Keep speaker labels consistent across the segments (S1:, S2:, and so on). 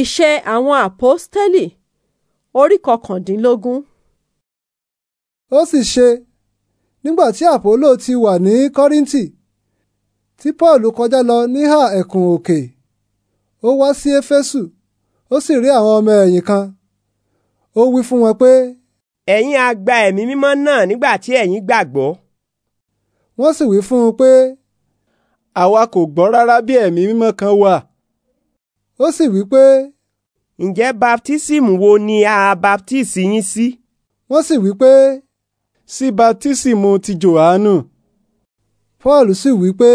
S1: Iṣẹ́ àwọn Àpọ́stélì orí kọkàndínlógún. Ó sì ṣe, nígbà tí Àpólò ti wà ní Kọ́ríńtì, tí Pọ́ọ̀lù kọjá lọ níhà ẹ̀kùn òkè, ó wá sí Éfésù, ó sì rí àwọn ọmọ ẹ̀yìn kan. Ó wí fún wọn pé,
S2: Ẹ̀yin ha gba ẹ̀mí mímọ́ náà nígbà tí ẹ̀yin gbàgbọ́. Wọ́n sì wí fún un pé, Àwa kò gbọ́ rárá bí ẹ̀mí mímọ́ kan wà ó sì wí pé. ǹjẹ́ baptísímù wo ni a baptísì yín sí? wọ́n sì wí pé. sí baptísímù ti jòhánù. paul sì wí pé.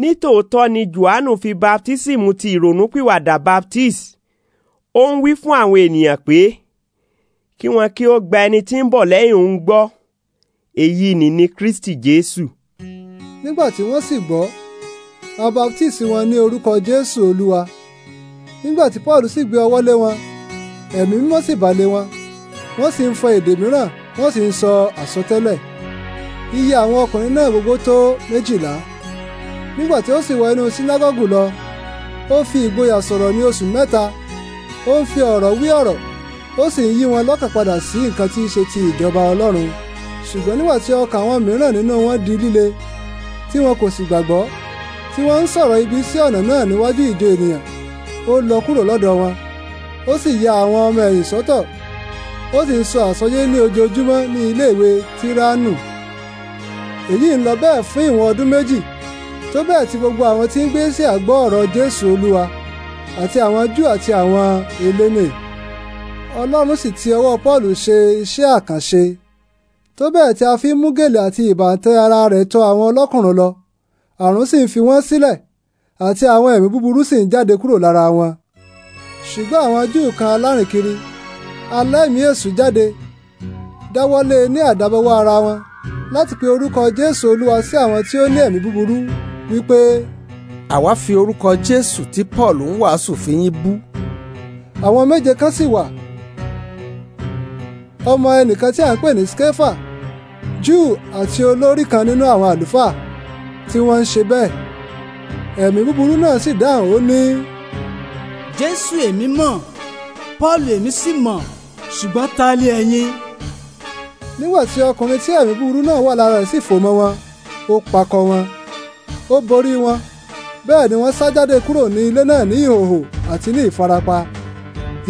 S2: nítòótọ́ ni jòhánù fi baptísímù ti ìrònúpìwàdà baptist ó ń wí fún àwọn ènìyàn pé kí wọn kí ó gba ẹni tí ń bọ̀ lẹ́yìn òun gbọ́ èyí ni ní kristi jésù.
S1: nígbà tí wọ́n sì gbọ́ a baptist wọn ní orúkọ jésù olúwa nígbà tí paul sì gbé ọwọ́ lé wọn ẹ̀mí mímọ́ sì bà lé wọn wọ́n sì ń fọ èdè mìíràn wọ́n sì ń sọ àsọtẹ́lẹ̀ iye àwọn ọkùnrin náà gbogbo tó méjìlá nígbà tí ó sì wọ inú sínágọ́gù lọ ó fi ìgboyà sọ̀rọ̀ ní oṣù mẹ́ta ó ń fi ọ̀rọ̀ wí ọ̀rọ̀ ó sì ń yí wọn lọ́kàn padà sí nǹkan tí í ṣe ti ìjọba ọlọ́run ṣùgbọ́n nígbà tí ọkàn àwọn mìíràn nínú wọn di líle tí wọn kò sì gbàgbọ́ tí wọ́n ń sọ̀rọ̀ ibi sí ọ̀nà náà níwájú ìjọ ènìyàn ó lọ kúrò lọ́dọ̀ wọn ó sì ya àwọn ọmọ ẹ̀yìn sọ́tọ̀ ó sì ń sọ àsọyé ní ojoojúmọ́ ní iléèwé tiranu èyí ń lọ bẹ́ẹ̀ fún ìwọ̀n ọdún méjì tó bẹ́ẹ̀ tí gbogbo àwọn tí ń gbé sí àgbọ́ ọ̀rọ̀ jésù olúwa àti àwọn júù àti àwọn elémè ọlọ́run sì ti ọwọ́ pọ́ọ̀lù ṣe iṣẹ́ àkànṣe tó bẹ́ẹ̀ tí a fi mú gèlè àti ìbàntẹ́ ara rẹ̀ tọ̀ àwọn ọlọ́kùnrùn lọ àrùn sì ń fi wọ́n sílẹ̀ àti àwọn ẹ̀mí búburú sì ń jáde kúrò lára wọn. ṣùgbọ́n àwọn júù kan alárìnkiri alẹ́mìí èṣù jáde dáwọ́lé e ní àdábọwọ́ ara wọn láti pe orúkọ jésù olúwa sí àwọn tí ó ní ẹ̀mí búburú wípé. àwa fi orúkọ jésù tí paul ń wàásù fi yín bú. àwọn méje kan sì wà ọmọ ẹnìkan tí a ń pè ní skefa júù àti olórí kan nínú àwọn àlùfáà tí wọ́n ń ṣe bẹ́ẹ̀ ẹ̀mí búburú náà sì dáhùn ó ní. jésù èmi mọ̀ pọ́ọ̀lù èmi sì mọ̀ ṣùgbọ́n ta lé ẹ̀yin. nígbà tí ọkùnrin tí ẹ̀mí búburú náà wà lára rẹ̀ sì fò mọ́ wọn ó pakọ̀ wọn ó borí wọn bẹ́ẹ̀ ni wọ́n sá jáde kúrò ní ilé náà ní ìhòhò àti ní ìfarapa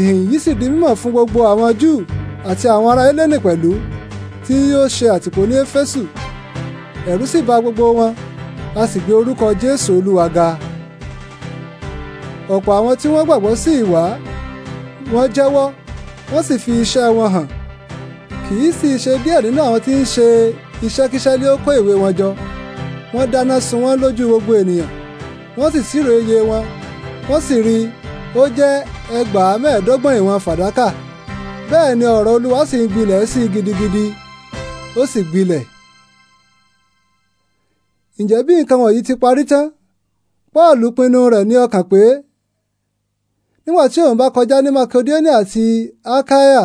S1: ìhìn yìí sì di mímọ̀ fún gbogbo àwọn júù àti àwọn ará Hélénì pẹ̀lú tí ó ṣe àtìpó ní Éfésù ẹ̀rù sì bà gbogbo wọn a sì gbé orúkọ Jésù Olúwa ga ọ̀pọ̀ àwọn tí wọ́n gbàgbọ́ sí ìwà wọ́n jẹ́wọ́ wọ́n sì fi iṣẹ́ wọn hàn kì í sì ṣe díẹ̀ nínú àwọn tí ń ṣe iṣẹ́kíṣẹ́ lé ó kó ìwé wọn jọ wọ́n dáná sun wọ́n lójú gbogbo ènìyàn wọ́n sì sírò iye wọn wọ́n sì rí ó jẹ́ ẹgbàá mẹ́ẹ̀ẹ́dọ́gbọ̀n ìwọ̀n fàdákà bẹ́ẹ̀ ni ọ̀rọ̀ Olúwa sì ń gbilẹ̀ sí i gidigidi ó sì gbilẹ̀. ǹjẹ́ bí nǹkan wọ̀nyí ti parí tán paul pinnu rẹ̀ ní ọkàn pé nígbà tí òun bá kọjá ní makedonia àti akaya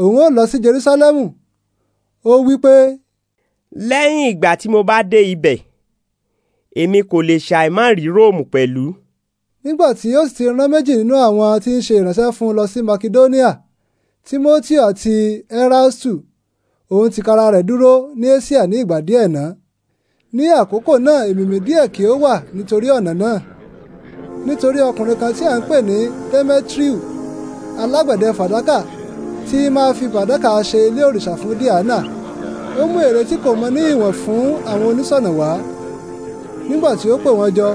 S1: òun ó lọ sí jerusalemu ó wí pé. lẹ́yìn ìgbà tí mo bá dé ibẹ̀
S2: èmi kò lè ṣàì má rí róòmù pẹ̀lú.
S1: nígbà tí ó sì ti rán méjì nínú àwọn tí ń ṣe ìránṣẹ́ fún un lọ sí makedonia timothy àti erastu òun tì kára rẹ̀ dúró ní asia ní ìgbà díẹ̀ náà ní àkókò náà ìmìmì díẹ̀ kí ó wà nítorí ọ̀nà náà nítorí ọkùnrin kan tí à ń pè ní demetriu alágbẹ̀dẹ fàdákà tí máa fi fàdákà ṣe ilé òrìṣà fún diana ó mú èrè tí kò mọ ní ìwọ̀n fún àwọn oníṣọ̀nà wá nígbà tí ó pè wọ́n jọ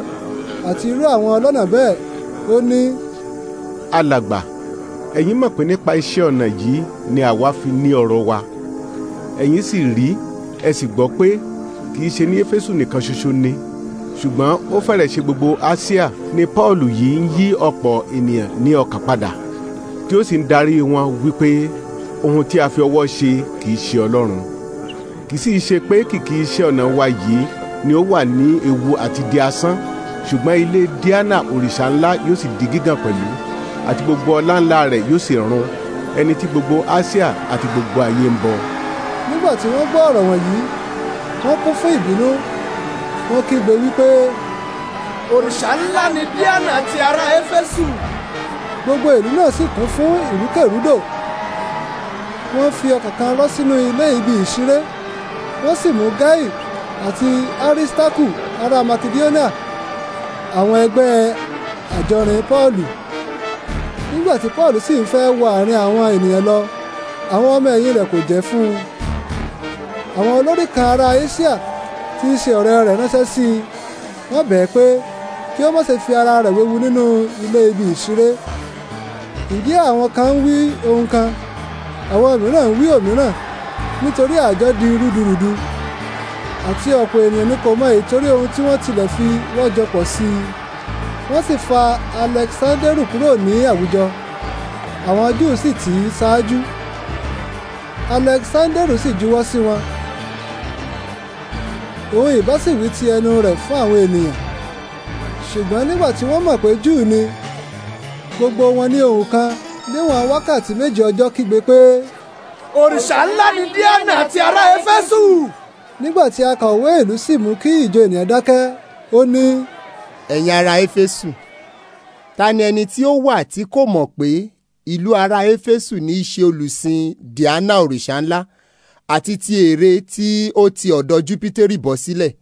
S1: àti irú àwọn ọlọ́nà bẹ́ẹ̀ ó ní.
S2: alàgbà ẹ̀yin mọ̀ pé nípa iṣẹ́ ọnà yìí ni àwa fi ní ọrọ̀ wa ẹ̀yin sì rí ẹ sì gbọ́ pé kì í ṣe ní éfésù nìkan ṣoṣo ni ṣùgbọ́n ó fẹ́rẹ̀ ṣe gbogbo asia ni paul yìí ń yí ọ̀pọ̀ ènìyàn ní ọkàn padà tí ó sì ń darí wọn wípé ohun tí a fi ọwọ́ ṣe kì ṣe ọlọ́run kì sì ṣe pé kìkì iṣẹ́ ọ̀nà wa yìí ni ó wà ní ewu àti di asán ṣùgbọ́n ilé diana òrìṣà ńlá yóò sì di gígàn pẹ̀lú àti gbogbo ọlá ńlá rẹ̀ yóò sì run ẹni tí gbogbo asia àti gbogbo ayé ń bọ.
S1: nígbà tí wọ́n gbọ́ ọ̀rọ̀ wọ̀nyí wọ́n kún fún ìbínú wọ́n kígbe wípé òrìṣà ńlá ni díánà ti ará éfésù gbogbo ìlú náà sì kún fún ìrúkèrúdò wọ́n fi ọkàn kan rọ́ sínú ilé ibi ìṣeré wọ́n sì mú gáì àti aristarku ará makedonia àwọn ẹgbẹ́ àjọrin pọ́ọ̀lù nígbà tí pọ́ọ̀lù sì ń fẹ́ wọ àárín àwọn ènìyàn lọ àwọn ọmọ ẹ̀yìn rẹ̀ kò jẹ́ fún un àwọn olórí kan ará Asia tí í ṣe ọ̀rẹ́ rẹ̀ ránṣẹ́ sí i wọ́n bẹ̀ẹ́ pé kí ó má ṣe fi ara rẹ̀ wewu nínú ilé ibi ìṣeré ìdí àwọn kan ń wí ohun kan àwọn mìíràn ń wí òmíràn nítorí àjọ di rúdurùdu àti ọ̀pọ̀ ènìyàn ní kò mọ ìtorí ohun tí wọ́n tilẹ̀ fi wọ́jọ pọ̀ sí i wọ́n sì fa Alexanderu kúrò ní àwùjọ àwọn Júù sì tì í ṣáájú Alexanderu sì juwọ́ sí wọn. Si òun ìbá sì wí ti ẹnu rẹ̀ fún àwọn ènìyàn ṣùgbọ́n nígbà tí wọ́n mọ̀ pé júù ni gbogbo wọn ní ohùn kan níwọ̀n wákàtí méje ọjọ́ kígbe pé. òrìṣà ńlá ni díánà àti ará ẹfẹ́sù. nígbà tí akọ̀wé ìlú sì mú kí ìjọ ènìyàn dákẹ́ ó ní. ẹ̀yin ará ẹfẹ́sù ta ni ẹni
S3: tí ó wà tí kò mọ̀ pé ìlú ará éfésù ní í ṣe olùsìn díánà òrìṣà ńlá àti ti ère tí ó ti ọ̀dọ̀ júpítérì bọ́ sílẹ̀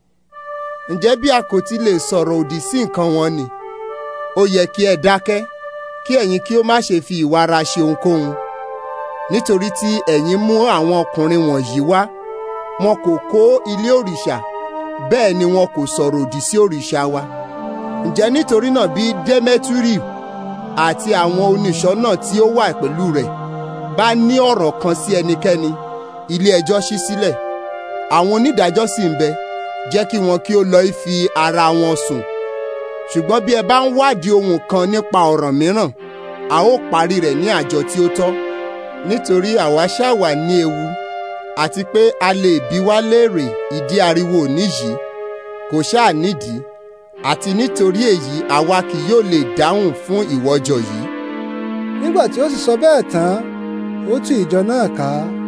S3: ǹjẹ́ bí a kò ti lè sọ̀rọ̀ òdì sí nǹkan wọn ni ó yẹ kí ẹ dákẹ́ kí ẹ̀yin kí ó má ṣe fi ìwà ara ṣe ohunkóhun nítorí tí ẹ̀yin mú àwọn ọkùnrin wọ̀nyí wá wọn kò kó ilé òrìṣà bẹ́ẹ̀ ni wọn kò sọ̀rọ̀ òdì sí òrìṣà wa ǹjẹ́ nítorí náà bí dẹ́mẹ́tírì àti àwọn oníṣọ́ náà tí ó wà pẹ̀lú rẹ̀ bá ní ọ̀rọ̀ kan sí ẹnikẹ́ni ilé ẹjọ́ ṣí sílẹ̀ àwọn onídàájọ́ sì ń bẹ jẹ́ kí wọn kí ó lọ fi ara wọn sùn ṣùgbọ́n bí ẹ bá ń wádìí ohun kan nípa ọ̀ràn mìíràn a ó parí rẹ̀ ní àjọ tí ó tọ́ nítorí àwa ṣá wà ní ewu àti pé a lè bi wá léèrè ìdí ariwo òní yìí kò ṣáà nídìí àti nítorí èyí àwa kì yóò lè dáhùn fún ìwọ́jọ yìí.
S1: nígbà tí ó sì sọ bẹ́ẹ̀ tán ó tú ìjọ náà ká.